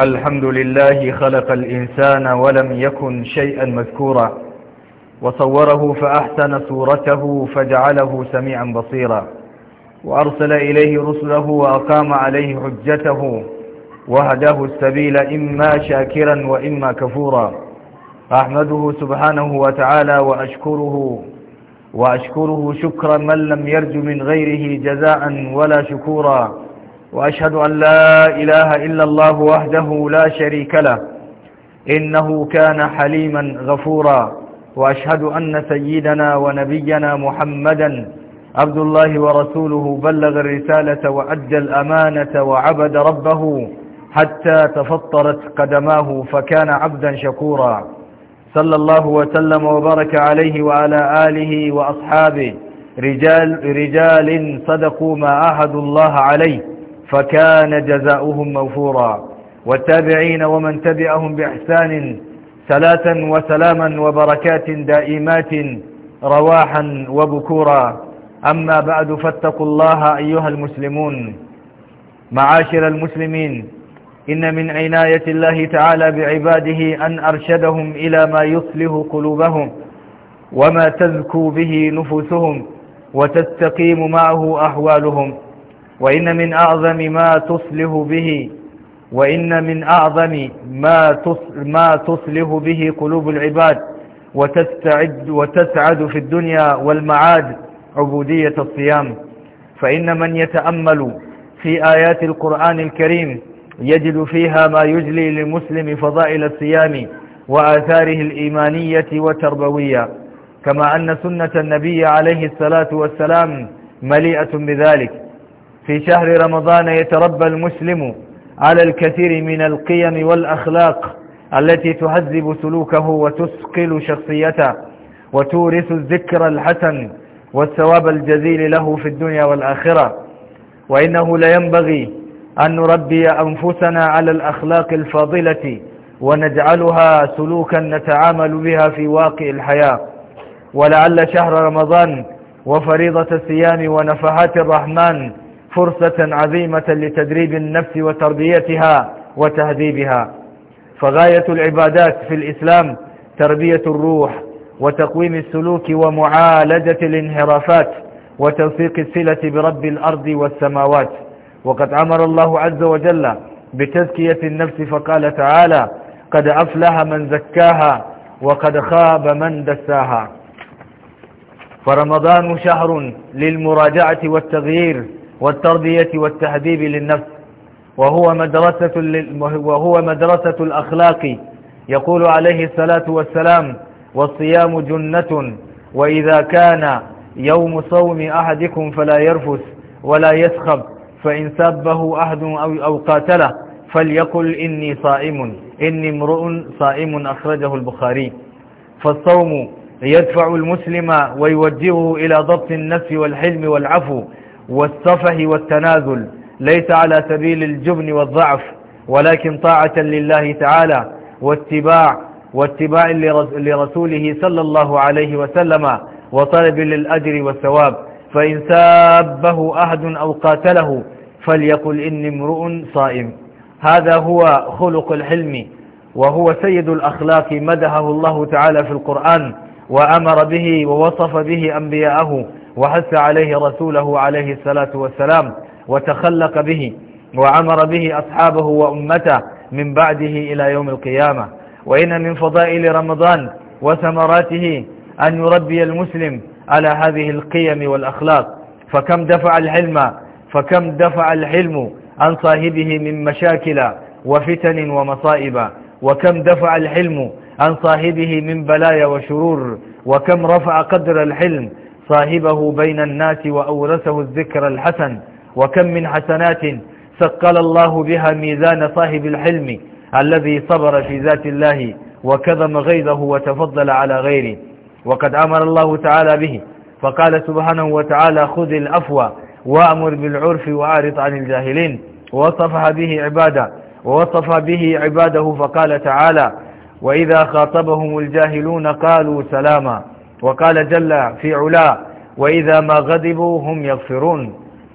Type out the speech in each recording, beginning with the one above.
الحمد لله خلق الإنسان ولم يكن شيئا مذكورا وصوره فأحسن صورته فجعله سميعا بصيرا وأرسل إليه رسله وأقام عليه حجته وهداه السبيل إما شاكرا وإما كفورا أحمده سبحانه وتعالى وأشكره وأشكره شكرا من لم يرج من غيره جزاء ولا شكورا وأشهد أن لا إله إلا الله وحده لا شريك له إنه كان حليما غفورا وأشهد أن سيدنا ونبينا محمدا عبد الله ورسوله بلغ الرسالة وأدى الأمانة وعبد ربه حتى تفطرت قدماه فكان عبدا شكورا صلى الله وسلم وبارك عليه وعلى آله وأصحابه رجال, رجال صدقوا ما أهدوا الله عليه فكان جزاؤهم موفورا والتابعين ومن تبعهم بإحسان سلاة وسلاما وبركات دائمات رواحا وبكورا أما بعد فاتقوا الله أيها المسلمون معاشر المسلمين إن من عناية الله تعالى بعباده أن أرشدهم إلى ما يصلح قلوبهم وما تزكو به نفوسهم وتستقيم معه أحوالهم وإن من أعظم ما تصلح به وإن من أعظم ما ما تصلح به قلوب العباد وتستعد وتسعد في الدنيا والمعاد عبودية الصيام فإن من يتأمل في آيات القرآن الكريم يجد فيها ما يجلي للمسلم فضائل الصيام وآثاره الإيمانية والتربوية كما أن سنة النبي عليه الصلاة والسلام مليئة بذلك في شهر رمضان يتربى المسلم على الكثير من القيم والأخلاق التي تهذب سلوكه وتسقل شخصيته وتورث الذكر الحسن والثواب الجزيل له في الدنيا والآخرة وإنه لا ينبغي أن نربي أنفسنا على الأخلاق الفاضلة ونجعلها سلوكا نتعامل بها في واقع الحياة ولعل شهر رمضان وفريضة الصيام ونفحات الرحمن فرصة عظيمة لتدريب النفس وتربيتها وتهذيبها فغاية العبادات في الإسلام تربية الروح وتقويم السلوك ومعالجة الانحرافات وتوثيق الصلة برب الأرض والسماوات وقد أمر الله عز وجل بتزكية النفس فقال تعالى قد أفلح من زكاها وقد خاب من دساها فرمضان شهر للمراجعة والتغيير والتربية والتهذيب للنفس وهو مدرسة, وهو مدرسة الأخلاق يقول عليه الصلاة والسلام والصيام جنة وإذا كان يوم صوم أحدكم فلا يرفث ولا يسخب فإن سبه أحد أو قاتله فليقل إني صائم إني امرؤ صائم أخرجه البخاري فالصوم يدفع المسلم ويوجهه إلى ضبط النفس والحلم والعفو والسفه والتنازل ليس على سبيل الجبن والضعف ولكن طاعة لله تعالى واتباع واتباع لرسوله صلى الله عليه وسلم وطلب للأجر والثواب فإن سابه أحد أو قاتله فليقل إني امرؤ صائم هذا هو خلق الحلم وهو سيد الأخلاق مدحه الله تعالى في القرآن وأمر به ووصف به أنبياءه وحث عليه رسوله عليه الصلاة والسلام وتخلق به وعمر به أصحابه وأمته من بعده إلى يوم القيامة وإن من فضائل رمضان وثمراته أن يربي المسلم على هذه القيم والأخلاق فكم دفع الحلم فكم دفع الحلم عن صاحبه من مشاكل وفتن ومصائب وكم دفع الحلم عن صاحبه من بلايا وشرور وكم رفع قدر الحلم صاحبه بين الناس وأورثه الذكر الحسن وكم من حسنات سقل الله بها ميزان صاحب الحلم الذي صبر في ذات الله وكذم غيظه وتفضل على غيره وقد أمر الله تعالى به فقال سبحانه وتعالى خذ الأفوى وأمر بالعرف وأعرض عن الجاهلين ووصفها به عبادة ووصف به عباده فقال تعالى وإذا خاطبهم الجاهلون قالوا سلاما وقال جل في علا وإذا ما غضبوا هم يغفرون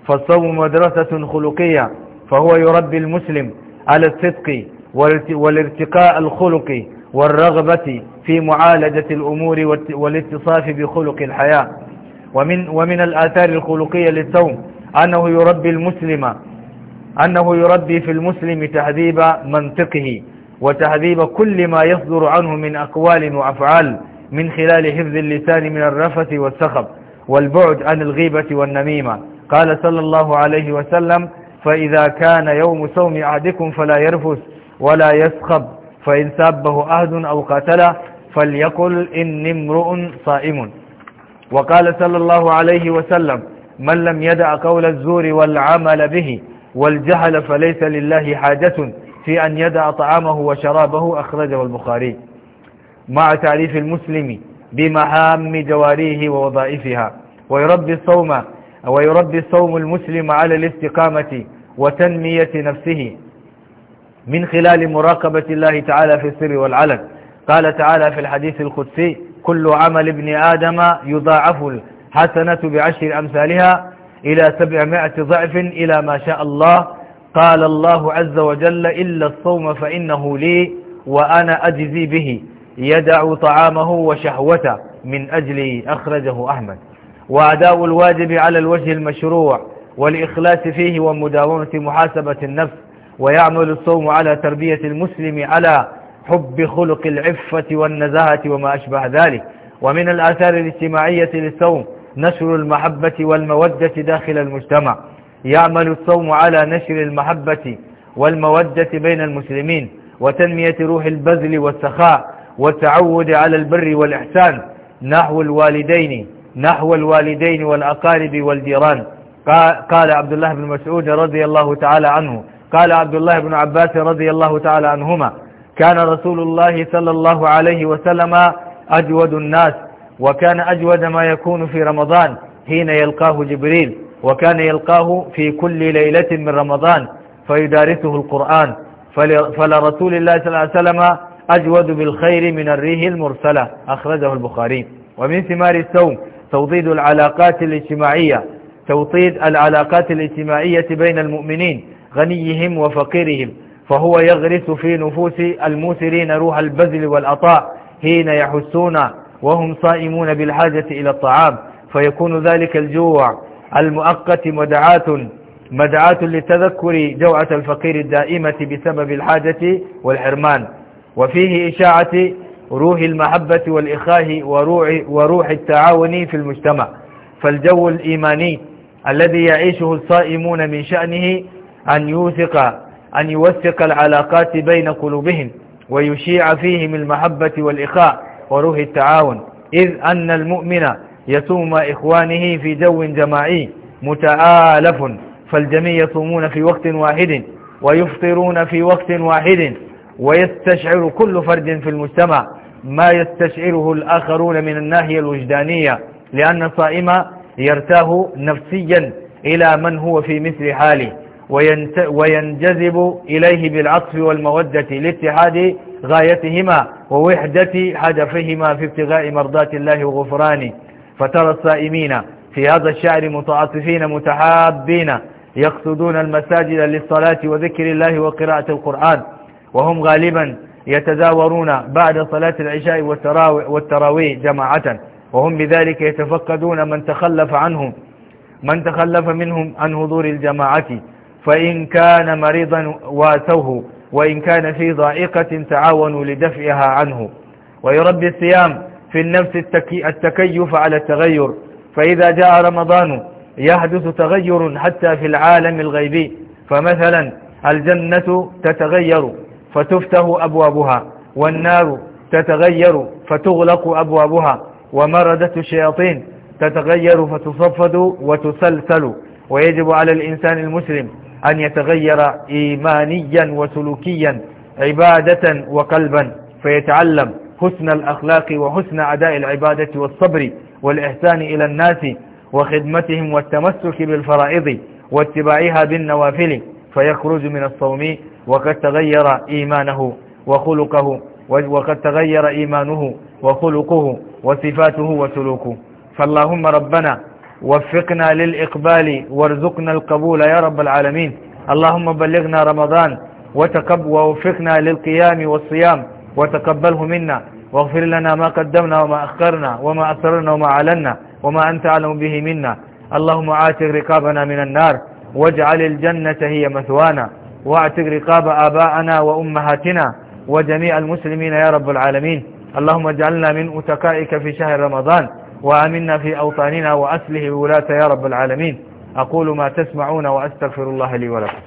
فالصوم مدرسة خلقية فهو يربي المسلم على الصدق والارتقاء الخلقي والرغبة في معالجة الأمور والاتصاف بخلق الحياة ومن, ومن الآثار الخلقية للصوم أنه يربي المسلم أنه يربي في المسلم تهذيب منطقه وتهذيب كل ما يصدر عنه من أقوال وأفعال من خلال حفظ اللسان من الرفث والسخب والبعد عن الغيبة والنميمة قال صلى الله عليه وسلم فإذا كان يوم صوم أحدكم فلا يرفث ولا يسخب فإن سابه أهد أو قتله فليقل إني امرؤ صائم وقال صلى الله عليه وسلم من لم يدع قول الزور والعمل به والجهل فليس لله حاجة في أن يدع طعامه وشرابه أخرجه البخاري مع تعريف المسلم بمهام جواريه ووظائفها ويربي الصوم ويربي الصوم المسلم على الاستقامة وتنمية نفسه من خلال مراقبة الله تعالى في السر والعلن قال تعالى في الحديث القدسي كل عمل ابن آدم يضاعف الحسنة بعشر أمثالها إلى سبعمائة ضعف إلى ما شاء الله قال الله عز وجل إلا الصوم فإنه لي وأنا أجزي به يدع طعامه وشهوته من أجل أخرجه أحمد وأداء الواجب على الوجه المشروع والإخلاص فيه ومداومة محاسبة النفس ويعمل الصوم على تربية المسلم على حب خلق العفة والنزاهة وما أشبه ذلك ومن الآثار الاجتماعية للصوم نشر المحبة والمودة داخل المجتمع يعمل الصوم على نشر المحبة والمودة بين المسلمين وتنمية روح البذل والسخاء والتعود على البر والإحسان نحو الوالدين نحو الوالدين والأقارب والجيران قال عبد الله بن مسعود رضي الله تعالى عنه قال عبد الله بن عباس رضي الله تعالى عنهما كان رسول الله صلى الله عليه وسلم أجود الناس وكان أجود ما يكون في رمضان حين يلقاه جبريل وكان يلقاه في كل ليلة من رمضان فيدارسه القرآن فلرسول الله صلى الله عليه وسلم أجود بالخير من الريه المرسلة أخرجه البخاري ومن ثمار الصوم توطيد العلاقات الاجتماعية توطيد العلاقات الاجتماعية بين المؤمنين غنيهم وفقيرهم فهو يغرس في نفوس الموسرين روح البذل والعطاء حين يحسون وهم صائمون بالحاجة إلى الطعام فيكون ذلك الجوع المؤقت مدعاة مدعاة لتذكر جوعة الفقير الدائمة بسبب الحاجة والحرمان وفيه إشاعة روح المحبة والإخاء وروح, وروح التعاون في المجتمع فالجو الإيماني الذي يعيشه الصائمون من شأنه أن يوثق أن يوثق العلاقات بين قلوبهم ويشيع فيهم المحبة والإخاء وروح التعاون إذ أن المؤمن يصوم إخوانه في جو جماعي متآلف فالجميع يصومون في وقت واحد ويفطرون في وقت واحد ويستشعر كل فرد في المجتمع ما يستشعره الآخرون من الناحية الوجدانية لأن الصائم يرتاه نفسيا إلى من هو في مثل حاله وينجذب إليه بالعطف والمودة لاتحاد غايتهما ووحدة هدفهما في ابتغاء مرضاة الله وغفرانه فترى الصائمين في هذا الشعر متعاطفين متحابين يقصدون المساجد للصلاة وذكر الله وقراءة القرآن وهم غالبا يتزاورون بعد صلاة العشاء والتراويح جماعة وهم بذلك يتفقدون من تخلف عنهم من تخلف منهم عن حضور الجماعة فإن كان مريضا واتوه وإن كان في ضائقة تعاونوا لدفعها عنه ويربي الصيام في النفس التكيف على التغير فإذا جاء رمضان يحدث تغير حتى في العالم الغيبي فمثلا الجنة تتغير فتفتح أبوابها والنار تتغير فتغلق أبوابها ومردة الشياطين تتغير فتصفد وتسلسل ويجب على الإنسان المسلم أن يتغير إيمانيا وسلوكيا عبادة وقلبا فيتعلم حسن الأخلاق وحسن أداء العبادة والصبر والإحسان إلى الناس وخدمتهم والتمسك بالفرائض واتباعها بالنوافل فيخرج من الصوم وقد تغير إيمانه وخلقه وقد تغير إيمانه وخلقه وصفاته وسلوكه فاللهم ربنا وفقنا للإقبال وارزقنا القبول يا رب العالمين اللهم بلغنا رمضان وتقب ووفقنا للقيام والصيام وتقبله منا واغفر لنا ما قدمنا وما أخرنا وما أسررنا وما علنا وما أنت أعلم به منا اللهم عاتق رقابنا من النار واجعل الجنة هي مثوانا واعتق رقاب آباءنا وأمهاتنا وجميع المسلمين يا رب العالمين اللهم اجعلنا من أتكائك في شهر رمضان وآمنا في أوطاننا وأسله ولاة يا رب العالمين أقول ما تسمعون وأستغفر الله لي ولكم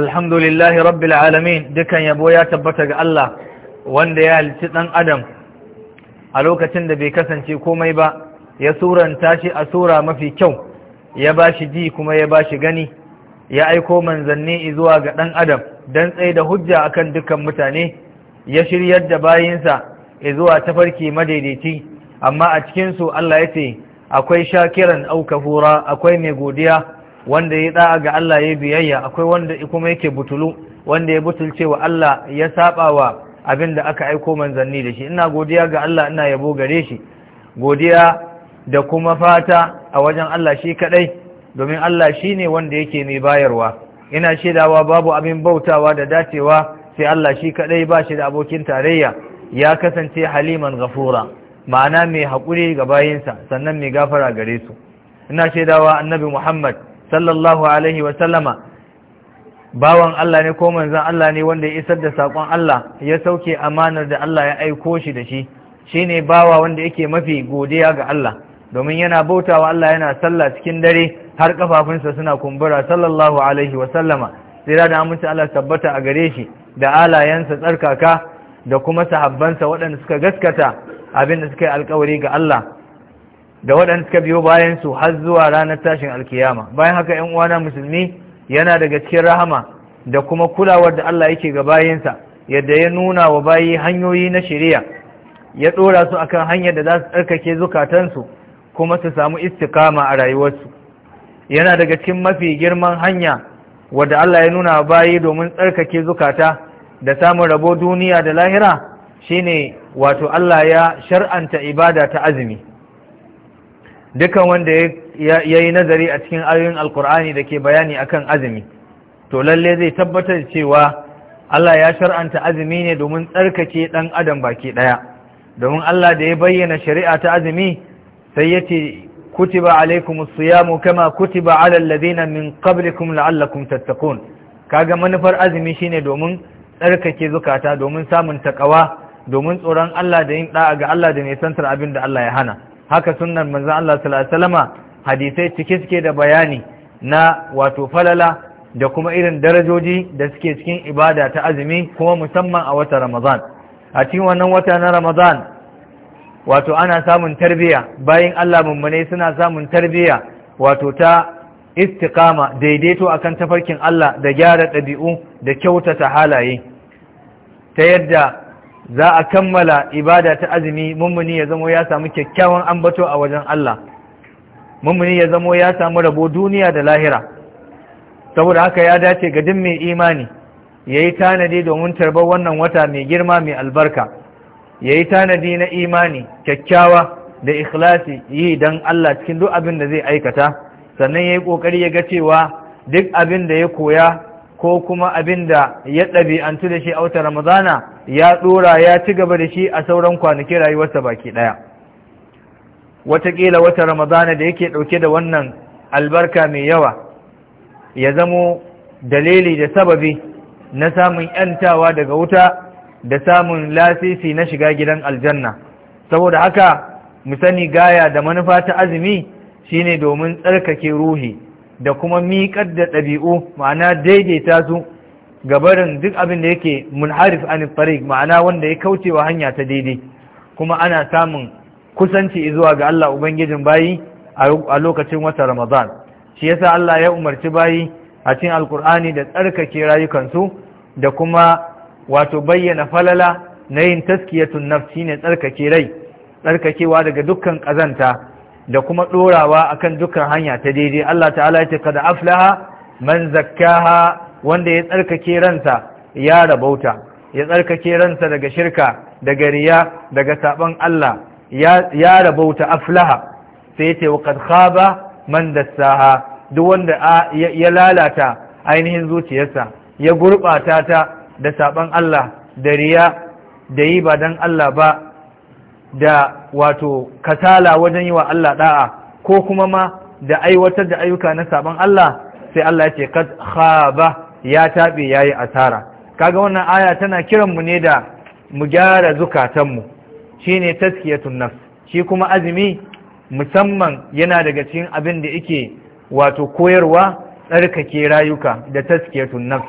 alhamdulillahi rabbil alamin dukan yabo ya tabbata ga Allah wanda ya halitta dan adam a lokacin da bai kasance komai ba ya suranta shi a sura mafi kyau ya bashi ji kuma ya bashi gani ya aiko manzanni zuwa ga dan adam dan tsaye da hujja akan dukan mutane ya shiryar da bayinsa zuwa tafarki madaidaici amma a cikin su Allah ya ce akwai shakiran au kafura akwai mai godiya wanda ya da'a ga Allah ya biyayya akwai wanda kuma yake butulu wanda ya butulce wa Allah ya saba wa abin da aka aiko manzanni da shi ina godiya ga Allah ina yabo gare shi godiya da kuma fata a wajen Allah shi kadai domin Allah shi ne wanda yake mai bayarwa ina shaidawa babu abin bautawa da dacewa sai Allah shi kadai ba shi da abokin tarayya ya kasance haliman ghafura ma'ana mai haƙuri ga bayinsa sannan mai gafara gare su ina shaidawa annabi Muhammad sallallahu alaihi wa sallama bawan Allah ne ko manzon Allah ne wanda ya isar da sakon Allah ya sauke amanar da Allah ya aiko shi da shi Shi ne bawa wanda yake mafi godiya ga Allah domin yana bautawa Allah yana sallah cikin dare har kafafunsa suna kumbura sallallahu alaihi wa sallama tsira da amince Allah tabbata a gare shi da alayensa tsarkaka da kuma sahabbansa waɗanda suka gaskata abin da suka yi alƙawari ga Allah da waɗanda suka biyo bayan su har zuwa ranar tashin alkiyama bayan haka 'yan uwana musulmi yana daga cikin rahama da kuma kulawar da Allah yake ga bayansa, yadda ya nuna wa bayi hanyoyi na shari'a ya ɗora su akan hanyar da za su tsarkake zukatansu kuma su samu istikama a rayuwarsu yana daga cikin mafi girman hanya wadda Allah ya nuna wa bayi domin tsarkake zukata da samun rabo duniya da lahira shine wato Allah ya shar'anta ibada ta azumi dukan wanda ya yi nazari a cikin ayoyin alkur'ani da ke bayani akan azumi to lalle zai tabbatar cewa Allah ya shar'anta azumi ne domin tsarkake ɗan adam baki ɗaya domin Allah da ya bayyana shari'a ta azumi sai ya ce kutiba alaikum siyamu kama kutiba ala alladhina min qablikum la'allakum tattaqun kaga manufar azumi shine domin tsarkake zukata domin samun takawa domin tsoron Allah da yin da'a ga Allah da nisantar abin da Allah ya hana haka sunnan manzan Allah sallallahu hadisai cike suke da bayani na wato falala da kuma irin darajoji da suke cikin ibada ta azumi kuma musamman a wata Ramadan a cikin wannan wata na ramazan wato ana samun tarbiya bayan Allah mummune suna samun tarbiya wato ta istiqama daidaito akan tafarkin Allah da gyara ɗabi'u da kyautata halaye ta yadda za a kammala ibada ta azumi mummuni ya zamo ya samu kyakkyawan ambato a wajen Allah mummuni ya zamo ya samu rabo duniya da lahira saboda haka ya dace ga duk mai imani ya yi tanadi domin tarbar wannan wata mai girma mai albarka ya yi tanadi na imani kyakkyawa da ikhlasi yi don Allah cikin duk abin da zai aikata sannan ya yi ƙoƙari ya ga cewa duk abin da ya koya ko kuma abin da ya ɗabi'antu da shi a wata ramadana ya ɗora ya ci gaba da shi a sauran kwanaki rayuwarsa baki ɗaya wataƙila wata ramadana da yake ɗauke da wannan albarka mai yawa ya zamo dalili da sababi na samun ‘yantawa daga wuta da samun lasisi na shiga gidan aljanna saboda haka mu sani gaya da manufa ta azumi shine domin tsarkake ruhi da kuma miƙar da ɗabi'u ma'ana daidaita su gabarin duk abin da yake munharif an farik ma'ana wanda ya kauce wa hanya ta daidai kuma ana samun kusanci zuwa ga Allah ubangijin bayi a lokacin wata Ramadan shi yasa Allah ya umarci bayi a cikin alkur'ani da tsarkake rayukansu da kuma wato bayyana falala na yin taskiyatun nafsi ne tsarkake rai tsarkakewa daga dukkan kazanta. da kuma ɗorawa akan dukkan hanya ta daidai Allah ta'ala ya ce kada aflaha man zakkaha wanda ya tsarkake ransa ya rabauta ya tsarkake ransa daga shirka daga riya daga saban Allah ya rabauta aflaha sai ce wa kad khaba man dassaha duk wanda ya lalata ainihin zuciyarsa ya gurɓata ta da saban Allah da riya da yi ba dan Allah ba da wato kasala wajen yi wa Allah da'a ko kuma ma da aiwatar da ayyuka na saban Allah sai Allah ya ce kad khaba ya tabe yayi asara kaga wannan aya tana kiran mu ne da mu gyara zukatan mu shine tazkiyatun nafs shi kuma azumi musamman yana daga cikin abin da yake wato koyarwa tsarkake rayuka da tazkiyatun nafs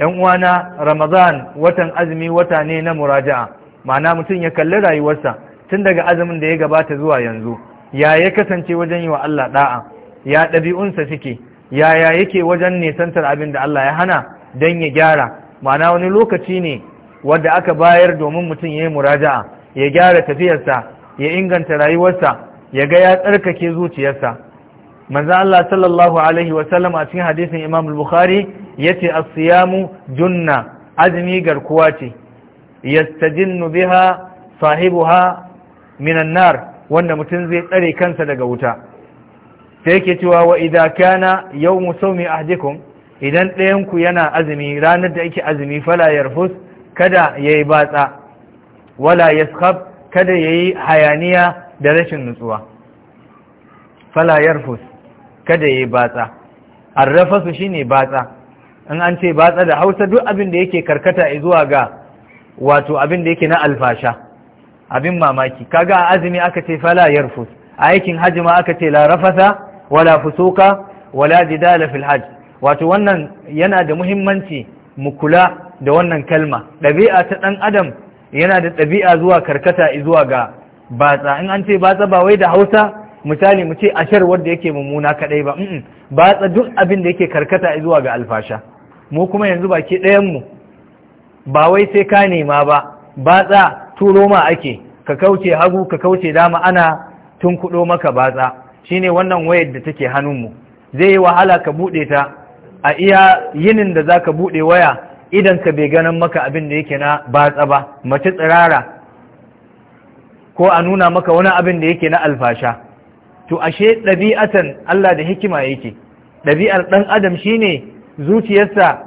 yan uwana ramadan watan azumi wata ne na muraja'a ma'ana mutum ya kalli rayuwarsa tun daga azumin da ya gabata zuwa yanzu ya ya kasance wajen yi wa Allah da'a ya ɗabi'unsa suke yaya yake wajen nesantar abin da Allah ya hana don ya gyara ma'ana wani lokaci ne wadda aka bayar domin mutum ya yi muraja'a ya gyara tafiyarsa ya inganta rayuwarsa ya ga ya tsarkake zuciyarsa manzo Allah sallallahu alaihi wa sallam a cikin hadisin Imam al-Bukhari yace as-siyamu junna azmi garkuwa ce yastajinnu biha sahibuha minan nar wanda mutum zai tsare kansa daga wuta sai yake cewa wa idza kana yawmu sawmi ahdikum idan ɗayanku yana azumi ranar da yake azumi fala yarfus kada yayi batsa wala yaskhab kada yayi hayaniya da rashin nutsuwa fala yarfus kada yayi batsa arrafasu shine batsa in an ce batsa da Hausa duk abin da yake karkata zuwa ga wato abin da yake na alfasha abin mamaki kaga a azumi aka ce fala yarfus a aikin hajji ma aka ce la rafasa wala fusuka wala jidala fil hajj wato wannan yana da muhimmanci mu kula da wannan kalma ɗabi'a ta ɗan adam yana da ɗabi'a zuwa karkata zuwa ga batsa in an ce batsa ba wai da hausa misali mu ce ashar wanda yake mummuna kadai ba batsa duk abin da yake karkata zuwa ga alfasha mu kuma yanzu baki ɗayan mu ba wai sai ka nema ba batsa turo ma ake ka kauce hagu ka kauce dama ana tun tunkuɗo maka batsa shine wannan wayar da take hannunmu zai yi wahala ka buɗe ta a iya yinin da za ka buɗe waya idan ka bai ganin maka abin da yake na batsa ba mace tsirara ko a nuna maka wani abin da yake na alfasha to ashe ɗabi'atan Allah da hikima yake ɗabi'ar ɗan adam shine zuciyarsa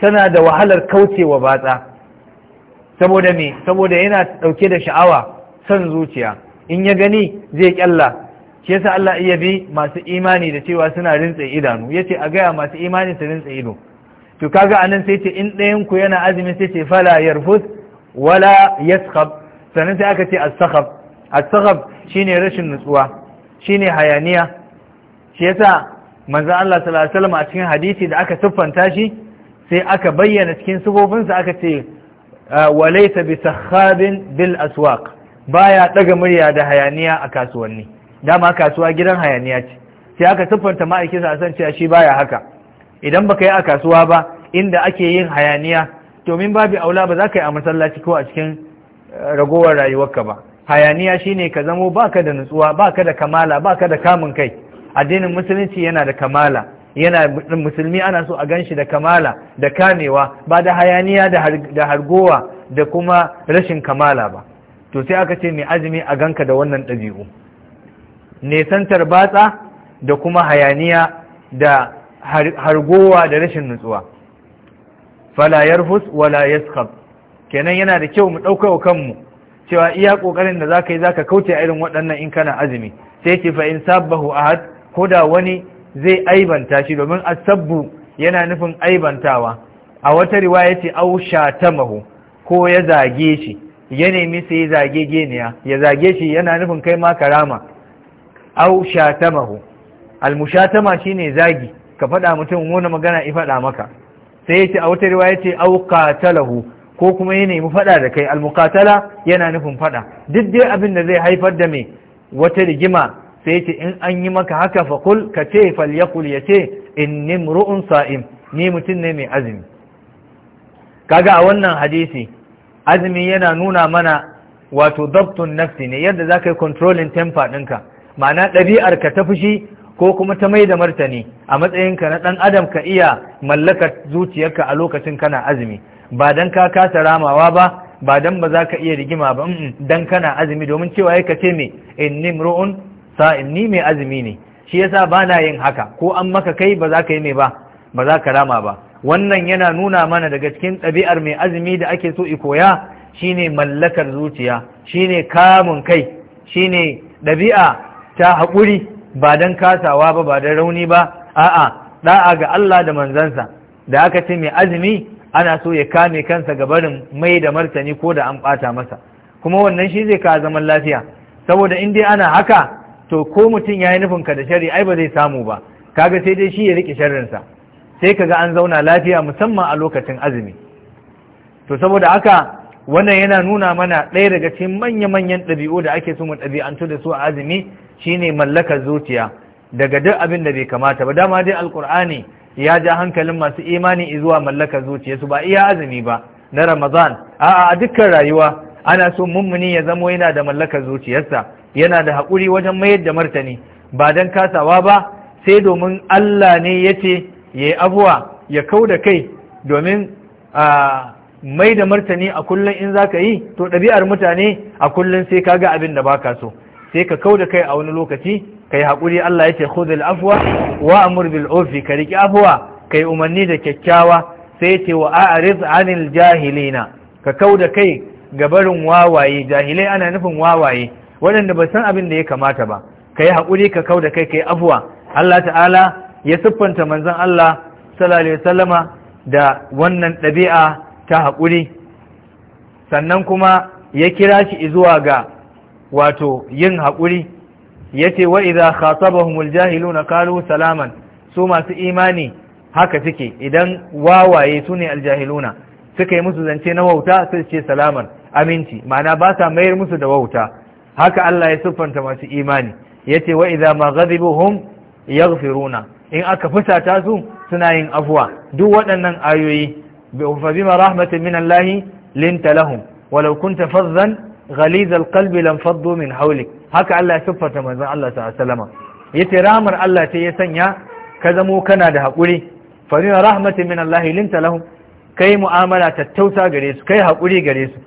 tana da wahalar kaucewa batsa saboda me saboda yana ɗauke da sha'awa son zuciya in ya gani zai kyalla shi yasa Allah iya bi masu imani da cewa suna rintse idanu yace a gaya masu imani su rintse ido to kaga anan sai ce in ɗayan ku yana azumi sai ce fala yarfus wala yaskhab sannan sai aka ce as-sakhab as-sakhab shine rashin nutsuwa shine hayaniya shi yasa manzo Allah sallallahu alaihi wasallam a cikin hadisi da aka siffanta shi sai aka bayyana cikin sifofinsa aka ce walaita bi sakhabin bil aswaq baya daga murya da hayaniya a kasuwanni dama kasuwa gidan hayaniya ce sai aka siffanta ma'aikin sa san cewa shi baya haka idan baka yi a kasuwa ba inda ake yin hayaniya to min babu aula ba za ka yi a masallaci ko a cikin ragowar rayuwarka ba hayaniya shine ka zamo baka da nutsuwa baka da kamala baka da kamun kai addinin musulunci yana da kamala yana musulmi ana so a ganshi da kamala da kamewa ba da hayaniya da hargowa da kuma rashin kamala ba to sai aka ce mai azumi a ganka da wannan ɗabi'u nesantar batsa da kuma hayaniya da hargowa da rashin nutsuwa fala yarfus wala yaskhab kenan yana da kyau mu ɗauka kanmu cewa iya ƙoƙarin da zaka yi zaka kauce irin waɗannan in kana azumi sai ce fa in sabbahu ahad ko da wani zai aibanta shi domin asabbu yana nufin aibantawa a wata riwaya ce au shatamahu ko ya zage shi ya nemi sai zage geniya ya zage shi yana nufin kai ma karama au shatamahu almushatama shine zagi ka faɗa mutum wani magana i faɗa maka sai yace a wata riwaya ce au qatalahu ko kuma ya nemi faɗa da kai almuqatala yana nufin faɗa duk dai abin da zai haifar da mai wata rigima sai ce in an yi maka haka kul ka ce falyakul ya ce in nimru'un sa'im ni mutum ne mai azumi kaga a wannan hadisi azumi yana nuna mana wato dabtun nafsi ne yadda za ka yi controlling temper ɗinka ma'ana ɗabi'ar ka ta fushi ko kuma ta mai da martani a matsayinka na ɗan adam ka iya mallakar zuciyarka a lokacin kana azumi ba dan ka kasa ramawa ba ba don ba za ka iya rigima ba dan kana azumi domin cewa ya ce me in nimru'un sa’in ni mai azumi ne shi yasa ba na yin haka ko an maka kai ba za ka yi mai ba ba za ka rama ba wannan yana nuna mana daga cikin ɗabi'ar mai azumi da ake so koya shine mallakar zuciya shine kamun kai shine ɗabi'a ta haƙuri ba don kasawa ba ba don rauni ba a'a ɗa'a ga Allah da manzansa da aka ce mai azumi ana so ya kame kansa ga barin mai da martani ko da an ɓata masa kuma wannan shi zai ka zaman lafiya saboda in dai ana haka to ko mutum ya yi nufinka da shari ai ba zai samu ba kaga sai dai shi ya rike sharrinsa sai kaga an zauna lafiya musamman a lokacin azumi to saboda haka wannan yana nuna mana ɗaya daga cikin manya-manyan ɗabi'u da ake so mu ɗabi'antu da su a azumi shine mallakar zuciya daga duk abin da bai kamata ba dama dai alkur'ani ya ja hankalin masu imani zuwa mallakar zuciya su ba iya azumi ba na ramadan a'a a dukkan rayuwa ana so mummuni ya zamo yana da mallakar zuciyarsa yana da haƙuri wajen mayar da martani ba don kasawa ba sai domin Allah ne ya ce ya yi abuwa ya kau da kai domin a mai da martani a kullum in za ka yi to ɗabi'ar mutane a kullum sai ka ga abin da ba ka so sai ka kau da kai a wani lokaci ka yi haƙuri Allah ya ce khudul afwa wa amur bil ofi ka riƙi afwa yi umarni da kyakkyawa sai ce wa a'rid anil jahilina ka kau da kai ga barin wawaye jahilai ana nufin wawaye waɗanda ba san abin da ya kamata ba ka yi haƙuri ka kau da kai ka yi afuwa Allah ta'ala ya siffanta manzon Allah sallallahu alaihi wasallama da wannan ɗabi'a ta haƙuri sannan kuma ya kira shi zuwa ga wato yin haƙuri ya ce wa idza khatabahumul na qalu salaman su masu imani haka suke idan wawaye su ne aljahiluna suka yi musu zance na wauta sai ce salaman aminci ma'ana ba sa mayar musu da wauta haka Allah ya siffanta masu imani yace wa idza ma ghadibuhum yaghfiruna in aka fusata su suna yin afwa duk waɗannan ayoyi fa bima rahmatin min Allah linta lahum walau kunta fazzan ghaliz alqalb lam faddu min hawlik haka Allah ya siffanta manzon Allah ta sallama yace rahmar Allah ta ya sanya ka zamo kana da hakuri fa bima rahmatin min Allah linta lahum kai mu'amala tattausa gare su kai hakuri gare su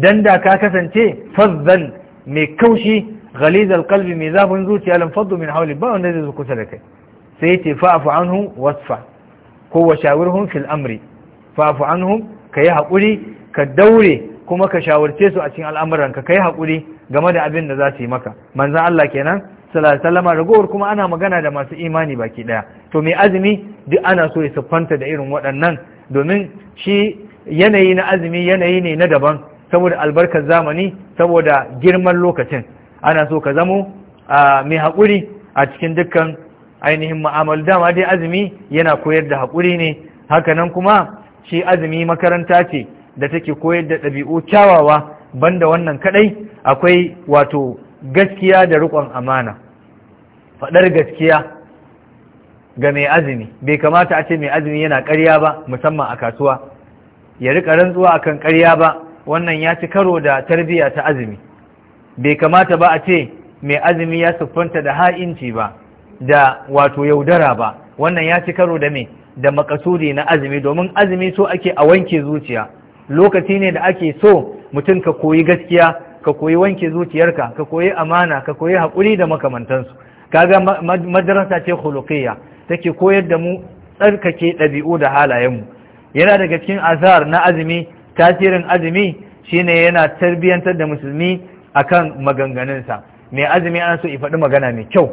dan da ka kasance fazzan mai kaushi ghaliz kalbi mai zafin zuciya lan faddu min hawli ba wanda zai zo kusa da kai sai yace fa'fu anhu wasfa ko wa shawirhum fil amri fa'fu anhum kai hakuri ka daure kuma ka shawarce su a cikin al'amuran ka kai hakuri game da abin da za su yi maka manzon Allah kenan sallallahu alaihi wasallam ragowar kuma ana magana da masu imani baki daya to mai azumi duk ana so ya siffanta da irin waɗannan domin shi yanayi na azumi yanayi ne na daban saboda albarkar zamani saboda girman lokacin ana so ka zamo mai haƙuri a cikin dukkan ainihin ma'amal dama dai azumi yana koyar da haƙuri ne hakanan kuma shi azumi makaranta ce da take koyar da ɗabi'u kyawawa banda wannan kaɗai, akwai wato gaskiya da riƙon amana faɗar gaskiya ga mai azumi bai kamata a ce mai azumi yana ƙarya ba musamman a kasuwa ya rika rantsuwa akan ƙarya ba wannan ya ci karo da tarbiyya ta azumi bai kamata ba a ce mai azumi ya siffanta da ha'inci ba da wato yaudara ba wannan ya ci karo da mai da makasudi na azumi domin azumi so ake a wanke zuciya lokaci ne da ake so mutum ka koyi gaskiya ka koyi wanke zuciyarka ka koyi amana ka koyi haƙuri da makamantansu kaga madarasa ce khuluqiyya take koyar da mu tsarkake ɗabi'u da halayenmu yana daga cikin azhar na azumi tasirin azumi shine yana tarbiyantar da musulmi a kan maganganunsa mai azumi ana so ya faɗi magana mai kyau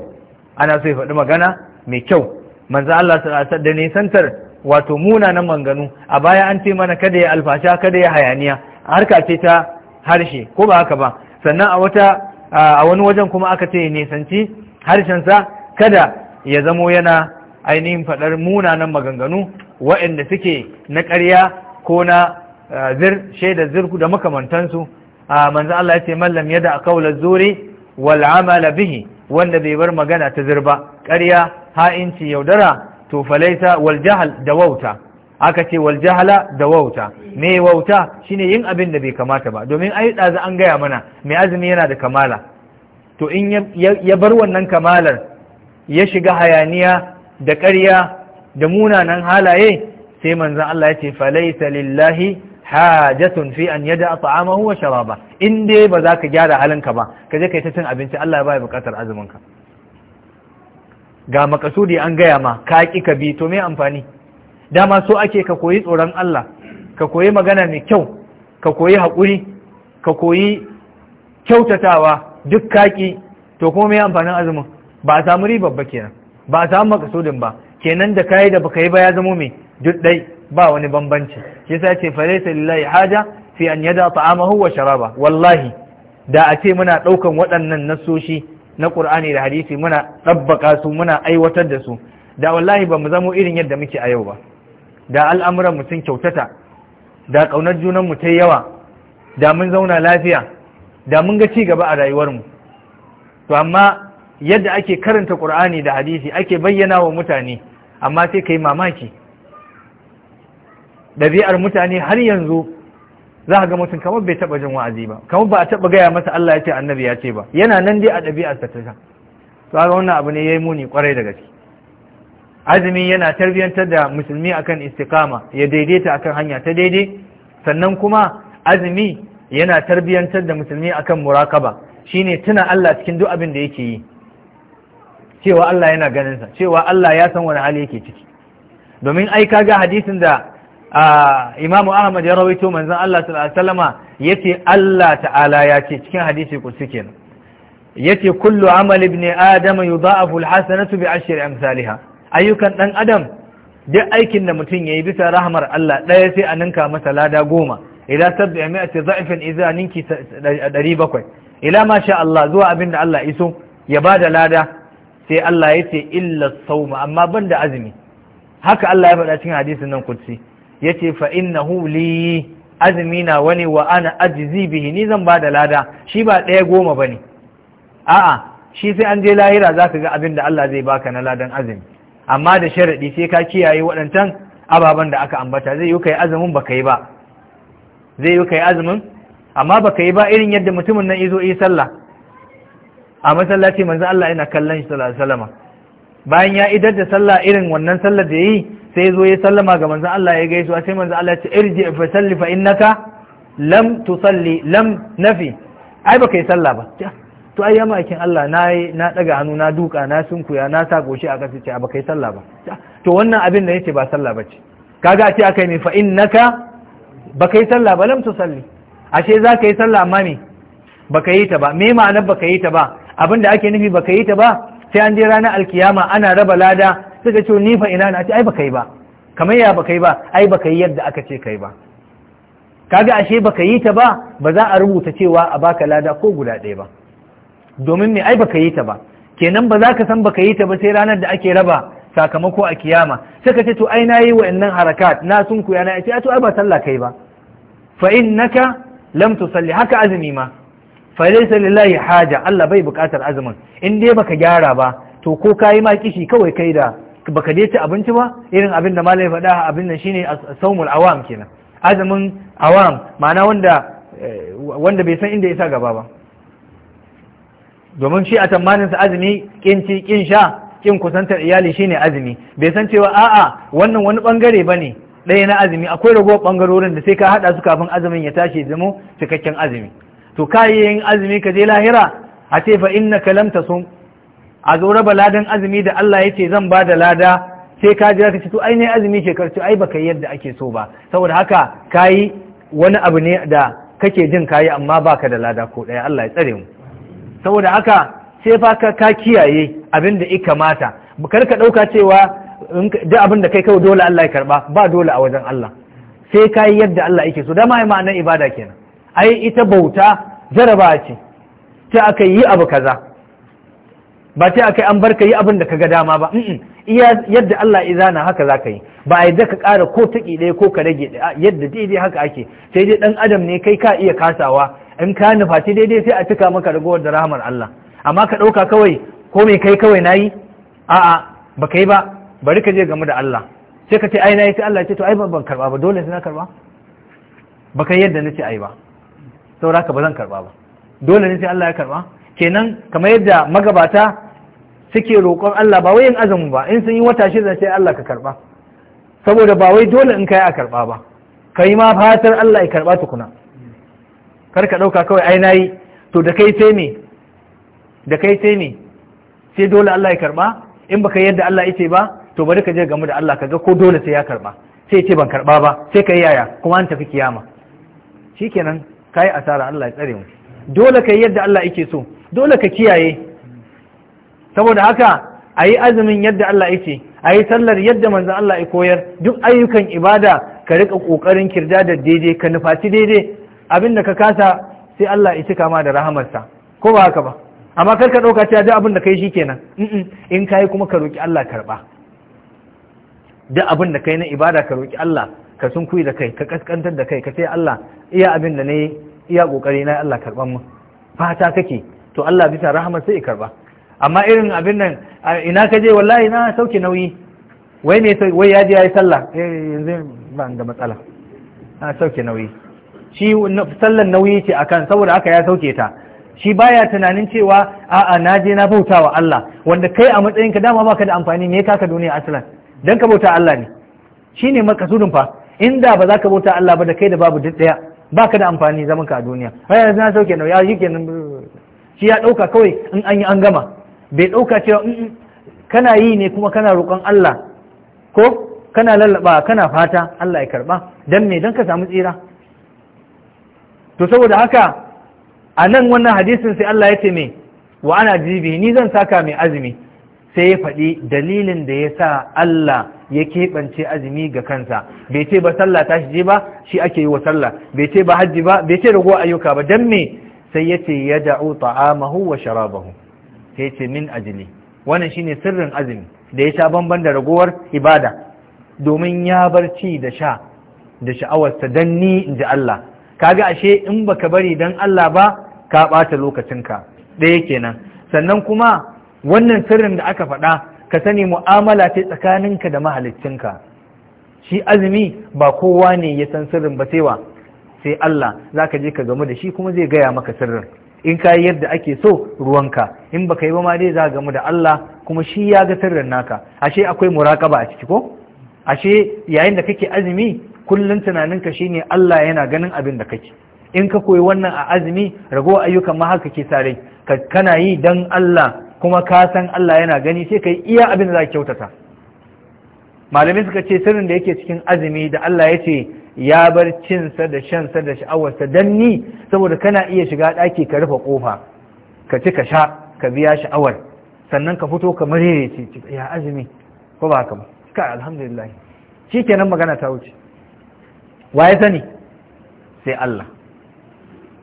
ana so ifaɗi faɗi magana mai kyau manzo Allah sallallahu da nisantar wato munanan manganu a baya an ce mana kada ya alfasha kada ya hayaniya harka ce ta harshe ko ba haka ba sannan a wata a wani wajen kuma aka ce nisanci harshensa kada ya zamo yana ainihin faɗar munanan maganganu waɗanda suke na ƙarya ko na zir shaida zirku da makamantansu a manzo Allah ya ce mallam yada qawla zuri wal amala bihi wanda bai bar magana ta zirba ƙarya ha'inci yaudara to falaita wal jahl da wauta aka ce wal jahala da wauta me wauta shine yin abin da bai kamata ba domin ai dazu an gaya mana mai azumi yana da kamala to in ya bar wannan kamalar ya shiga hayaniya da ƙarya da munanan halaye sai manzon Allah ya ce falaita lillahi hajatun fi an yada ta'amahu wa ba in dai ba za ka gyara halinka ba ka je kai ta cin abinci Allah ya ba bukatar azumin ka ga makasudi an gaya ma ka ki ka bi to me amfani dama so ake ka koyi tsoron Allah ka koyi magana mai kyau ka koyi haƙuri ka koyi kyautatawa duk kaki to kuma me amfanin azumin ba a samu ribar ba kenan ba a samu makasudin ba kenan da kayi da baka yi ba ya zamo me duk ɗaya. ba wani bambanci shi yasa ce fa lillahi haja fi an yada ta'amahu wa sharaba wallahi da a ce muna ɗaukan waɗannan nasoshi na Qur'ani da hadisi muna ɗabbaka su muna aiwatar da su da wallahi ba mu zamo irin yadda muke a yau ba da al'amuran mu sun kyautata da ƙaunar junan mu ta yawa da mun zauna lafiya da mun ga ci gaba a mu to amma yadda ake karanta Qur'ani da hadisi ake bayyana wa mutane amma sai kai mamaki ɗabi'ar mutane har yanzu za ka ga mutum kamar bai taɓa jin wa'azi ba kamar ba a taɓa gaya masa Allah ya ce annabi ya ce ba yana nan dai a ɗabi'ar ta tasha to wannan abu ne ya yi muni kwarai da gaske azumi yana tarbiyantar da musulmi akan istiqama ya daidaita akan hanya ta daidai sannan kuma azumi yana tarbiyantar da musulmi akan murakaba shine tuna Allah cikin duk abin da yake yi cewa Allah yana ganin sa cewa Allah ya san wani hali yake ciki domin ai kaga hadisin da imamu ahmad ya rawaito manzon Allah sallallahu yace Allah ta'ala ya ce cikin hadisi kursi kenan yace kullu amal ibn adam yudha'afu alhasanatu bi ashri amsalha ayyukan dan adam duk aikin da mutum yayi bisa rahmar Allah daya sai a ninka masa lada goma idan sab'a mi'ati dha'fin idza ninki 700 ila ma sha Allah zuwa abin da Allah iso ya bada lada sai Allah yace illa sawma amma banda azumi haka Allah ya faɗa cikin hadisin nan kudsi Ya ce fa innahu li azumi na wani wa ana ajzi bihi ni zan ba da lada shi ba ɗaya goma ba ne a'a shi sai an je lahira za ka ga abin da Allah zai baka na ladan azumi amma da sharaɗi sai ka kiyaye waɗancan ababen da aka ambata zai yi kai azumin ba ka yi ba zai yi kai azumin amma ba ka yi ba irin yadda mutumin nan izo yi sallah a masallaci manzo Allah yana kallon shi sallallahu alaihi bayan ya idar da sallah irin wannan sallar da yi sai zo ya sallama ga manzan Allah ya gaisuwa sai manzan Allah ya ce irji fa salli fa innaka lam tusalli lam nafi ai baka yi sallah ba to ai ya makin Allah na na daga hannu na duka na sunkuya na sa goshi a kasance ce a baka yi sallah ba to wannan abin da yace ba sallah bace kaga ce akai ne fa innaka baka yi sallah ba lam tusalli ashe za ka yi sallah amma me baka yi ta ba me ma'anar baka yi ta ba abin da ake nufi baka yi ta ba sai an je ranar alkiyama ana raba lada suka ce ni fa ina na ce ai baka yi ba kamar ya baka yi ba ai baka yi yadda aka ce kai ba kaga ashe baka yi ta ba ba za a rubuta cewa a baka lada ko guda ɗaya ba domin me ai baka yi ta ba kenan ba za ka san baka yi ta ba sai ranar da ake raba sakamako a kiyama sai ka ce to ai nayi wa'annan harakat na sun kuya na ce to ai ba sallah kai ba fa innaka lam tusalli haka azumi ma fa laysa lillahi haja Allah bai bukatar azumin in dai baka gyara ba to ko kayi ma kishi kawai kai da baka je ci abinci ba irin abin da malai faɗa abin nan shine saumul awam kenan azumin awam ma'ana wanda eh, wanda bai san inda ya sa gaba ba domin shi a tsammanin sa azumi kin ci kin sha kin kusantar iyali shine azumi bai san cewa a'a wannan wani bangare bane ɗaya na azumi akwai ragowar bangarorin da sai ka haɗa su kafin azumin ya tashi zamo cikakken azumi to kayayin azumi ka je lahira a ce fa innaka lam tasum a zo raba ladan azumi da Allah ya ce zan ba da lada sai ka jira ka ce to ai ne azumi ke karci ai baka yadda ake so ba saboda haka kayi wani abu ne da kake jin kayi amma baka da lada ko ɗaya Allah ya tsare mu saboda haka sai fa ka ka kiyaye abin da kamata kar ka ɗauka cewa duk abin da kai kawai dole Allah ya karba ba dole a wajen Allah sai kayi yadda Allah yake so dama ai ma'anar ibada kenan ai ita bauta jaraba ce ta aka yi abu kaza ba ce akai an barka yi abin da ka ga dama ba iya yadda Allah izana haka za ka yi ba a yadda ka ƙara ko ta ɗaya ko ka rage ɗaya yadda daidai haka ake sai dai ɗan adam ne kai ka iya kasawa in ka ta daidai sai a cika maka ragowar da rahamar Allah amma ka ɗauka kawai ko mai kai kawai na yi a'a ba kai ba bari ka je game da Allah sai ka ce ai na yi sai Allah ce to ai ban karba ba dole sai na karba ba kai yadda nace ai ba saboda ka ba zan karba ba dole ne sai Allah ya karba kenan kamar yadda magabata suke roƙon Allah ba wai yin azumi ba in sun yi wata shida sai Allah ka karba saboda ba wai dole in kai a karba ba kai ma fatar Allah ya karba tukuna kar ka ɗauka kawai ai nayi to da kai sai me da kai sai me sai dole Allah ya karba in baka yadda Allah yake ba to bari ka je game da Allah kaga ko dole sai ya karba sai ce ban karba ba sai kai yaya kuma an tafi kiyama shikenan kai asara Allah ya tsare mu dole kai yadda Allah yake so dole ka kiyaye saboda haka a yi azumin yadda Allah ya ce a yi sallar yadda manzan Allah ya koyar duk ayyukan ibada ka riƙa ƙoƙarin kirda da daidai ka nufaci daidai abinda ka kasa sai Allah ya cika ma da rahamarsa ko ba haka ba amma kar ka ɗauka cewa duk abin da kai shikenan in kai kuma ka roki Allah karɓa duk abin kai na ibada ka roki Allah ka sunkuyi da kai ka kaskantar da kai ka ce Allah iya abin da na yi iya ƙoƙari na Allah karban mu fata kake to Allah bisa rahama sai ya karba amma irin abin nan ina ka je wallahi na sauke nauyi wai ne wai ya je ya yi sallah eh, yanzu ba da matsala na sauke nauyi shi sallan nauyi ce akan saboda haka ya sauke ta shi baya tunanin cewa a'a na je na bauta wa Allah wanda kai a matsayin ka dama baka da amfani me ka duniya aslan dan ka bauta Allah ne shine makasudin fa inda ba za ka bauta Allah ba da kai da babu duk daya baka da amfani zaman ka a duniya ai yanzu na sauke nauyi shi kenan shi ya dauka kawai in an yi an gama bai ɗauka cewa mm, mm, kana yi ne kuma kana roƙon Allah ko kana lallaba kana fata Allah ya karɓa don me don ka samu tsira to saboda haka a nan wannan hadisin sai Allah ya ce me wa ana jibi ni zan saka mai azumi sai ya faɗi dalilin da ya sa Allah ya keɓance azumi ga kansa bai ce ba sallah ta je ba shi ake yi wa sallah bai ce ba hajji ba bai ce rago ayyuka ba don me sai ya ce ya da'u ta'amahu wa sharabahu sai ce min ajili wannan shine sirrin azumi da ya sha bamban da ragowar ibada domin ya bar ci da sha da sha'awarsa dan ni in ji Allah kaga ashe in baka bari dan Allah ba ka ɓata lokacinka ɗaya kenan sannan kuma wannan sirrin da aka faɗa ka sani mu'amala ce tsakaninka da mahaliccinka shi azumi ba kowa ne ya san sirrin ba sai wa sai Allah za ka je ka gamu da shi kuma zai gaya maka sirrin in ka yadda ake so ruwanka in baka yi ba ma dai za gamu da Allah kuma shi ya ga sirrin naka ashe akwai muraƙaba a ciki ko ashe yayin da kake azumi kullum tunaninka shine Allah yana ganin abin da kake in ka koyi wannan a azumi ragowar ayyukan ma haka ke sare ka kana yi dan Allah kuma ka san Allah yana gani sai ka yi iya abin da za ka kyautata malamai suka ce sirrin da yake cikin azumi da Allah ya ce ya bar cinsa da shansa da sha'awarsa dan ni saboda kana iya shiga daki ka rufe kofa ka ci ka sha ka biya sha'awar sannan ka fito ka ce ya azumi ko ba Ka ba ka alhamdulillah kenan magana ta wuce wa sani sai Allah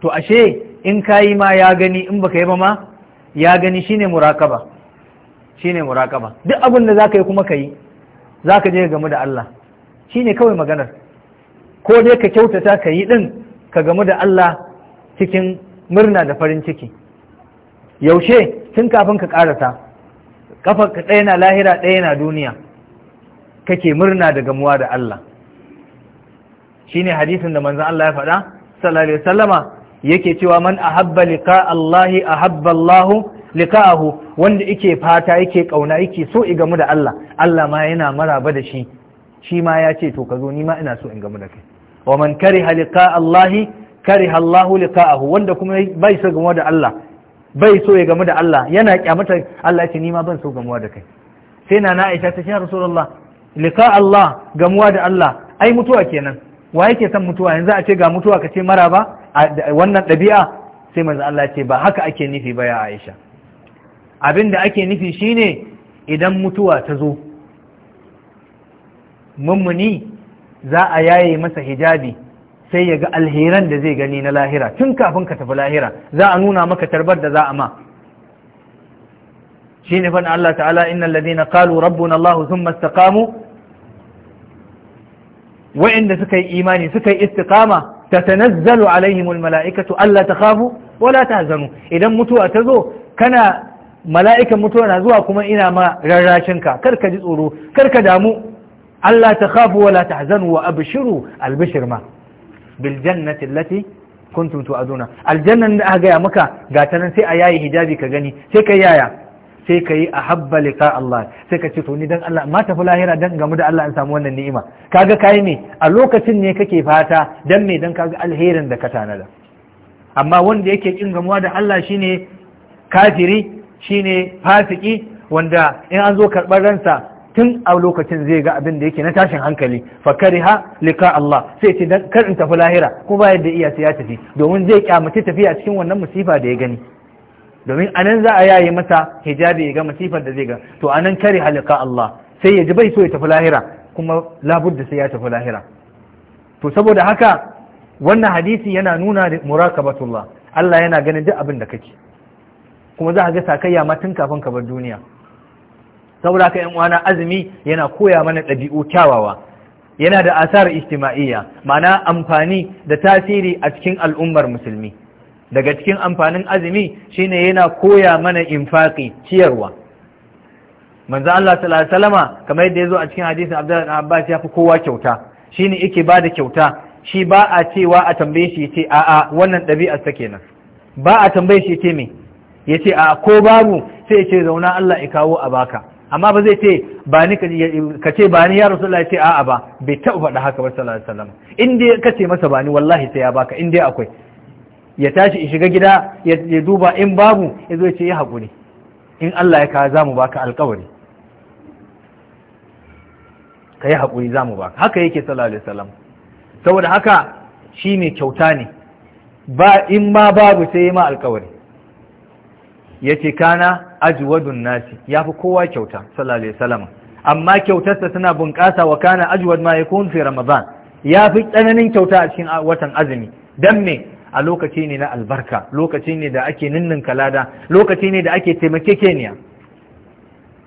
to ashe in yi ma ya gani in baka yi ba ma ya gani shine murakaba shine murakaba duk abin da zaka yi kuma ka yi zaka je game da Allah shine kawai maganar ko dai ka kyautata ka yi ɗin ka gamu da Allah cikin murna da farin ciki yaushe tun kafin ka ƙarasa kafa ka ɗaya na lahira ɗaya na duniya kake murna da gamuwa da Allah shine hadisin da manzon Allah ya faɗa sallallahu alaihi wasallama yake cewa man ahabba liqa Allahi ahabba Allahu liqa'ahu wanda yake fata yake ƙauna, yake so i gamu da Allah Allah ma yana maraba da shi shi ma ya ce to ka zo ni ma ina so in gamu da kai wa man kariha liqa Allah kariha Allah liqa'ahu wanda kuma bai so gamuwa da Allah bai so ya gamu da Allah yana kyamata Allah ce ni ma ban so gamuwa da kai sai na na Aisha ta ce Rasulullah liqa Allah gamuwa da Allah ai mutuwa kenan wa yake son mutuwa yanzu a ce ga mutuwa ka ce mara ba wannan dabi'a sai manzo Allah ce ba haka ake nufi ba ya Aisha abin da ake nufi shine idan mutuwa ta zo mummuni za a yaye masa hijabi sai ya ga alheran da zai gani na lahira tun kafin ka tafi lahira za a nuna maka tarbar da za a ma shi ne faɗin Allah ta'ala innal ladina kalu rabbuna Allah sun istaqamu wa'inda suka yi imani suka yi istiqama tatanazzalu alaihimul mala'ikatu ta takhafu wala tahzanu idan mutuwa ta zo kana mala'ikan mutuwa na zuwa kuma ina ma rarrashinka kar ka ji tsoro kar ka damu Allah ta khafu wa la tahzanu wa abshiru albishir ma bil jannati allati kuntum tu'aduna aljannan da aka gaya maka ga ta nan sai a yayi hijabi ka gani sai ka yaya sai ka yi a habba liqa Allah sai ka ce tuni don Allah Mata tafi lahira dan gamu da Allah an samu wannan ni'ima kaga kayan me a lokacin ne kake fata dan me dan kaga alherin da ka tanada amma wanda yake kin gamuwa da Allah shine kafiri shine fasiki wanda in an zo karɓar ransa tun a lokacin zai ga abin da yake na tashin hankali fa ha lika Allah sai ce dan kar in tafi lahira ko ba yadda iya sai ya tafi domin zai kyamaci tafiya cikin wannan musifa da ya gani domin anan za a yaye masa hijabi ya ga musifar da zai ga to anan ha lika Allah sai ya ji bai so ya tafi lahira kuma labudda sai ya tafi lahira to saboda haka wannan hadisi yana nuna murakabatullah Allah yana ganin duk abin da kake kuma za ka ga sakayya ma tun kafin ka bar duniya saboda haka yan uwana azumi yana koya mana ɗabi'u kyawawa yana da asar ijtima'iyya ma'ana amfani da tasiri a cikin al'ummar musulmi daga cikin amfanin azumi shine yana koya mana infaqi ciyarwa manzo Allah sallallahu alaihi wasallama kamar yadda yazo a cikin hadisin Abdullah ibn Abbas ya fi kowa kyauta shine yake bada kyauta shi ba a cewa a tambaye shi yace a'a wannan ɗabi'ar ta kenan ba a tambaye shi yace me yace a ko babu sai ya ce zauna Allah ya kawo a baka amma ba zai ce ba ni ka ce ba ni ya rasulullah ce a'a ba bai taɓa faɗa haka ba sallallahu alaihi wasallam in dai ka ce masa ba ni wallahi sai ya baka in dai akwai ya tashi ya shiga gida ya duba in babu ya zo ya ce ya haƙuri in Allah ya ka za mu baka alƙawari ka yi haƙuri za mu baka haka yake sallallahu alaihi wasallam saboda haka shi ne kyauta ne ba in ma babu sai ma alƙawari ya ce kana ajwadun nasi yafi kowa kyauta sallallahu alaihi wasallam amma kyautarsa tana bunƙasa wa kana ajwad ma yakun fi ramadan yafi tsananin kyauta a cikin watan azumi dan me a lokaci ne na albarka lokaci ne da ake ninnin kalada, lokaci ne da ake taimakekeniya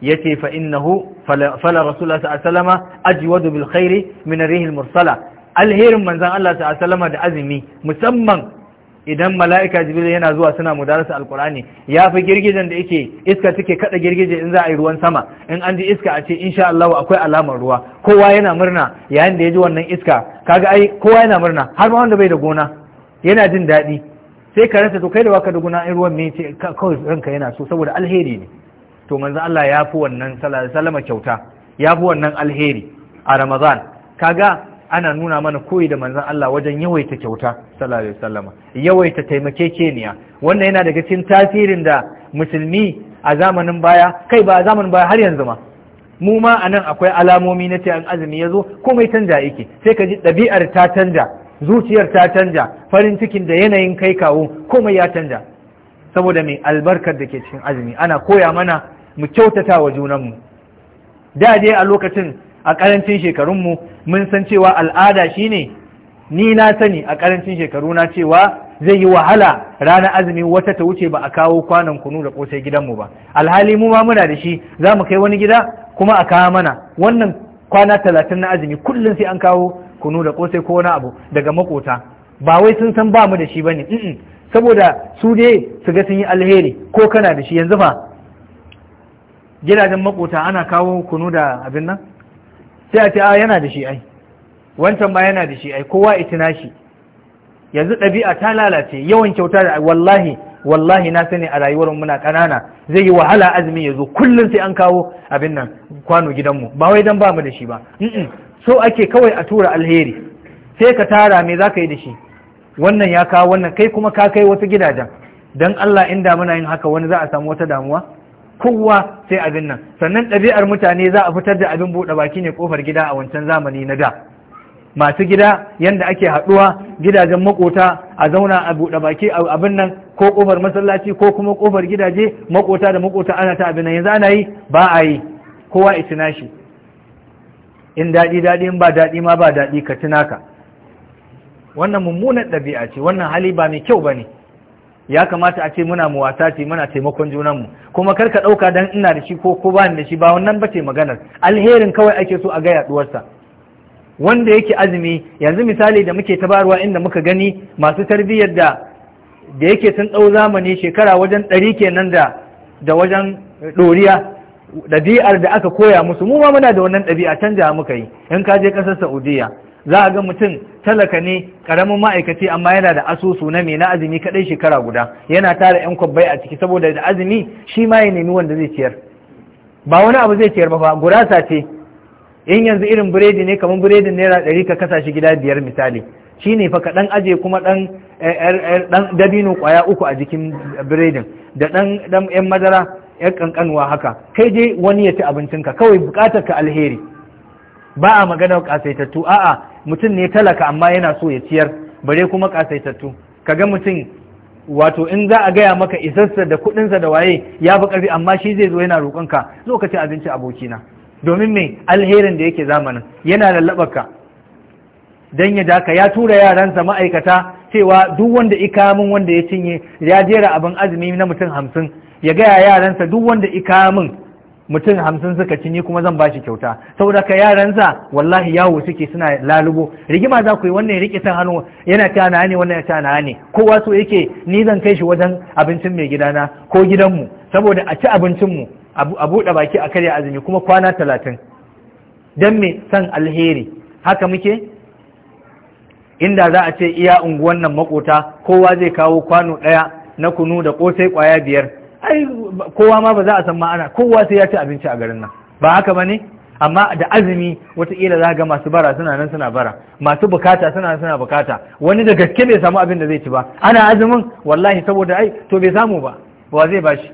yace fa innahu fala rasulullah sallallahu alaihi wasallam ajwadu bil khairi min rihil mursala alherin manzon Allah sallallahu alaihi wasallam da azumi musamman idan mala'ika jibril yana zuwa suna mudarasa alkur'ani ya fi girgijen da yake iska take kada girgije in za a yi ruwan sama in an ji iska a ce insha Allah akwai alamar ruwa kowa yana murna yayin da ya ji wannan iska kaga ai kowa yana murna har ma wanda bai da gona yana jin daɗi sai ka rasa to kai da baka da gona in ruwan me ce kawai ranka yana so saboda alheri ne to manzo Allah ya fi wannan salama kyauta ya fi wannan alheri a Ramadan kaga ana nuna mana koyi da manzan Allah wajen yawaita kyauta sallallahu alaihi wasallama yawaita taimakekeniya wannan yana daga cikin tasirin da musulmi a zamanin baya kai ba a zamanin baya har yanzu ma mu ma a nan akwai alamomi na an azumi yazo zo komai canja yake sai ka ji dabi'ar ta canja zuciyar ta canja farin cikin da yanayin kai kawo komai ya canja saboda mai albarkar da ke cikin azumi ana koya mana mu kyautata wa junanmu da dai a lokacin a karancin shekarunmu mun san cewa al'ada shi ne ni na sani a karancin shekaru na cewa zai yi wahala ranar azumi wata ta wuce ba a kawo kwanan kunu da kosai gidanmu ba alhali mu ma muna da shi za mu kai wani gida kuma a kawo mana wannan kwana talatin na azumi kullum sai an kawo kunu da kosai ko wani abu daga makota ba wai sun san ba mu da shi ba ne saboda su dai su ga sun yi alheri ko kana da shi yanzu ba gidajen makota ana kawo kunu da abin nan sai a ce a ah, yana da shi ai wancan ba yana da shi ai kowa itina shi yanzu ɗabi'a ta lalace yawan kyauta da wallahi wallahi na sani a rayuwar muna kanana zai yi wahala azumi ya zo kullum sai an kawo abin nan kwano gidanmu ba wai dan bamu da shi ba so ake kawai a tura alheri sai ka tara me za yi da shi wannan ya kawo wannan kai kuma ka kai wasu gidajen dan Allah inda muna yin haka wani za a samu wata damuwa kowa sai abin nan sannan ɗabi'ar mutane za a fitar da abin buɗe baki ne kofar gida a wancan zamani na da masu gida yanda ake haɗuwa gidajen makota a zauna a buɗe baki a abin nan ko kofar masallaci ko kuma kofar gidaje makota da makota ana ta abin nan yanzu ana yi ba a yi kowa itina shi in daɗi daɗi in ba daɗi ma ba daɗi ka tuna ka wannan mummunar ɗabi'a ce wannan hali ba mai kyau ba ne ya kamata a ce muna wasa ce muna taimakon junanmu kuma kar ka ɗauka dan ina da shi ko ko ba da shi ba wannan ba ce maganar alherin kawai ake so a ga yaduwarsa wanda yake azumi yanzu misali da muke tabarwa inda muka gani masu tarbiyyar da da yake sun ɗau zamani shekara wajen ɗari kenan da da wajen ɗoriya ɗabi'ar da aka koya musu mu ma muna da wannan ɗabi'a canja muka yi in ka je ƙasar Saudiya za a ga mutum talaka ne karamin ma'aikaci amma yana da asusu na mai na azumi kaɗai shekara guda yana tara yan kwabbai a ciki saboda da azumi shi ma ya nemi wanda zai ciyar ba wani abu zai ciyar ba fa gurasa ce in yanzu irin biredi ne kamar biredin naira ɗari ka kasa shi gida biyar misali shi ne fa ka ɗan aje kuma ɗan dabino ƙwaya uku a jikin biredin da ɗan ɗan yan madara yan ƙanƙanuwa haka kai dai wani ya ci abincinka kawai buƙatar ka alheri ba a magana kasaitattu a'a mutum ne talaka amma yana so ya ciyar bare kuma kasaitattu ga mutum wato in za a gaya maka isarsa da kuɗinsa da waye ya fi karfi amma shi zai zo yana roƙonka zo ka ci abinci abokina domin me alherin da yake zamanin yana lallaɓar ka dan ya daka ya tura yaransa ma'aikata cewa duk wanda ikamin wanda ya cinye ya jera abin azumi na mutum hamsin ya gaya yaransa duk wanda ika ikamin mutum hamsin suka ci ni kuma zan bashi kyauta saboda ka yaransa wallahi yawo suke suna lalubo rigima za ku yi wannan rike san hannu yana ta na ne wannan ta na ne kowa so yake ni zan kai shi wajen abincin mai gidana ko gidanmu saboda a ci abincin mu a buɗe baki a karya azumi kuma kwana talatin dan me san alheri haka muke inda za a ce iya unguwan nan makota kowa zai kawo kwano ɗaya na kunu da ƙosai ƙwaya biyar ai kowa ma ba za a san ma ana kowa sai ya ci abinci a garin nan ba haka ba ne amma da azumi wataƙila za ga masu bara suna nan suna bara masu bukata suna nan suna bukata wani da gaske bai samu abin da zai ci ba ana azumin wallahi saboda ai to bai samu ba wa zai bashi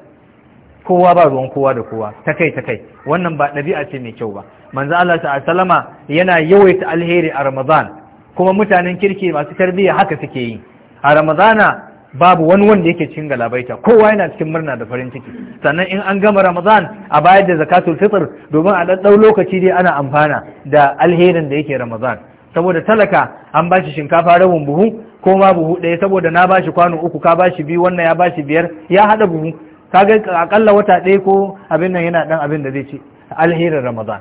kowa ba ruwan kowa da kowa ta kai ta kai wannan ba ɗabi'a ce mai kyau ba manzo Allah ta sallama yana yawaita alheri a Ramadan kuma mutanen kirki masu tarbiyya haka suke yi a Ramadana babu wani wanda yake cikin galabaita kowa yana cikin murna da farin ciki sannan in an gama ramadan a bayar da zakatul fitr domin a ɗaɗɗau lokaci dai ana amfana da alherin da yake ramadan saboda talaka an bashi shinkafa rabin buhu ko ma buhu ɗaya saboda na ba shi kwano uku ka bashi biyu wannan ya bashi biyar ya haɗa buhu kaga akalla wata ɗaya ko abin nan yana ɗan abin da zai ci alherin ramadan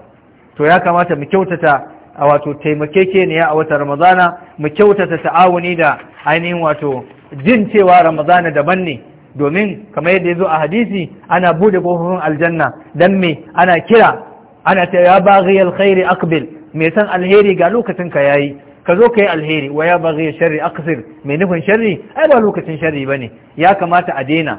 to ya kamata mu kyautata a wato taimakekeniya a wata ramadana mu kyautata ta'awuni da ainihin wato jin cewa ramadana daban ne domin kamar yadda ya zo a hadisi ana bude kofofin aljanna dan me ana kira ana ta ya baghi alkhairi aqbil me san alheri ga lokacin ka yayi ka zo ka yi alheri wa ya baghi sharri aqsir me nufin sharri ai ba lokacin sharri bane ya kamata a daina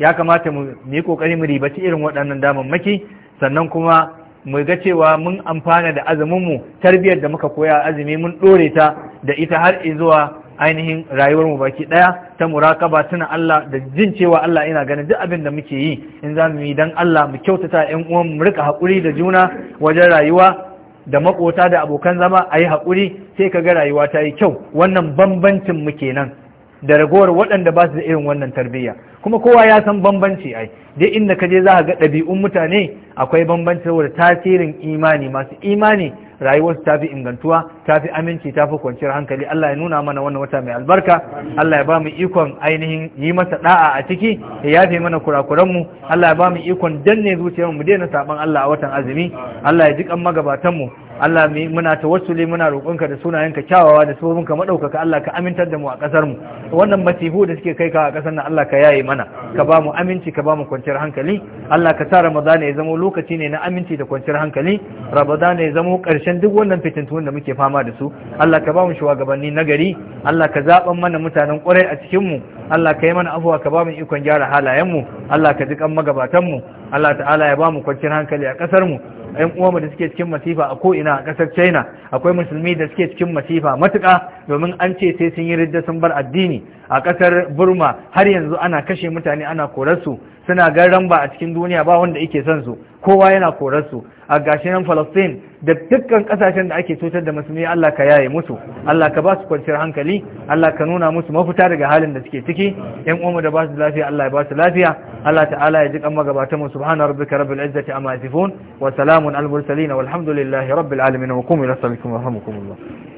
ya kamata mu yi kokari mu ribaci irin waɗannan damammaki sannan kuma mu ga cewa mun amfana da azumin mu tarbiyar da muka koya azumi mun dore ta da ita har zuwa ainihin rayuwar mu baki daya ta murakaba tana Allah da jin cewa Allah yana ganin duk abin da muke yi in za mu yi dan Allah mu kyautata ƴan uwan mu rika hakuri da juna wajen rayuwa da makota da abokan zama a yi haƙuri sai ka ga rayuwa ta yi kyau wannan bambancin mu kenan da ragowar waɗanda ba su da irin wannan tarbiyya kuma kowa ya san bambanci ai dai inda ka je za ka ga ɗabi'un mutane akwai bambanci saboda tasirin imani masu imani rayuwarsu ta fi ingantuwa tafi aminci ta fi kwanciyar hankali Allah ya nuna mana wannan wata mai albarka Allah ya ba mu ikon ainihin yi masa da'a a ciki ya yafe mana kurakuran mu Allah ya ba mu ikon danne zuciyar mu daina saban Allah a watan azumi Allah ya ji kan magabatan mu Allah muna tawassuli muna roƙonka da sunayenka kyawawa da sabobinka madaukaka Allah ka amintar da mu a kasar mu wannan masihu da suke kai ka a ƙasar nan Allah ka yaye mana ka ba mu aminci ka ba mu kwanciyar hankali Allah ka sa Ramadan ya zama lokaci ne na aminci da kwanciyar hankali Ramadan ya zama karshen duk wannan fitintun da muke fama rahama da su Allah ka ba mu shugabanni gari. Allah ka zaban mana mutanen ƙwarai a cikin mu Allah ka yi mana afuwa ka ba mu ikon gyara halayen mu Allah ka ji kan magabatan mu Allah ta'ala ya ba mu kwanciyar hankali a ƙasar mu yan uwanmu da suke cikin masifa a ko ina a ƙasar china akwai musulmi da suke cikin masifa matuka domin an ce sai sun yi ridda sun bar addini a ƙasar burma har yanzu ana kashe mutane ana korarsu suna garan ba a cikin duniya ba wanda yake son su kowa yana korarsu a gashi nan falastin da dukkan kasashen da ake cutar da musulmi Allah ka yaye musu Allah ka ba su kwanciyar hankali Allah ka nuna musu mafita daga halin da suke ciki yan uwanmu da ba su lafiya Allah ya ba su lafiya Allah ta'ala ya ji kan magabatan mu subhana rabbika rabbil izzati amma yasifun wa salam على المرسلين والحمد لله رب العالمين وقوموا إلى صلاتكم ورحمكم الله